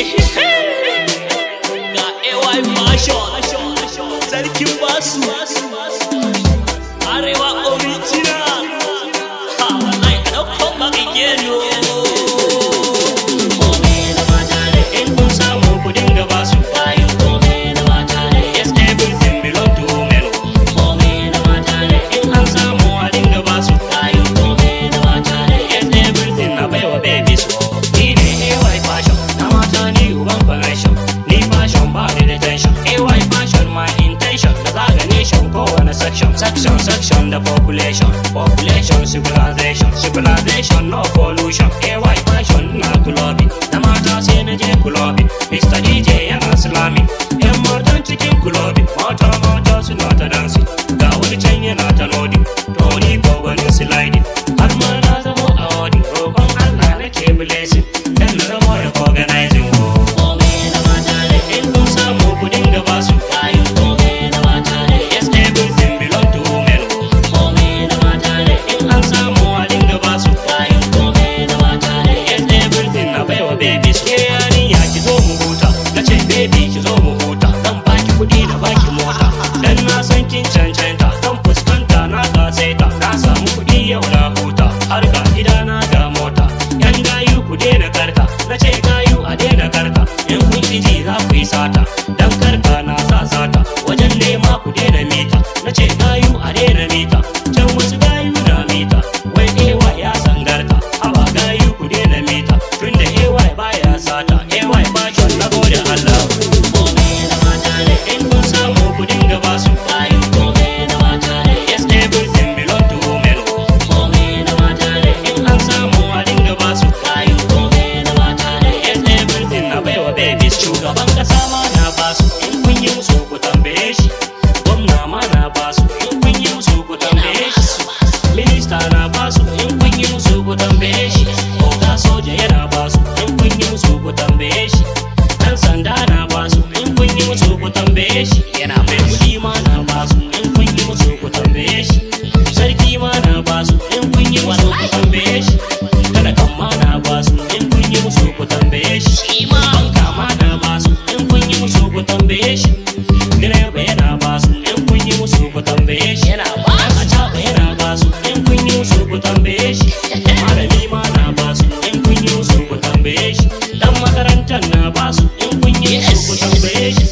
ga ay arewa original population, population, civilization, civilization, no pollution, a white passion, not to love it. Don't cut kasa ma na basu in kun yi musu ku tambaye shi na ba su kun yi ku tambaye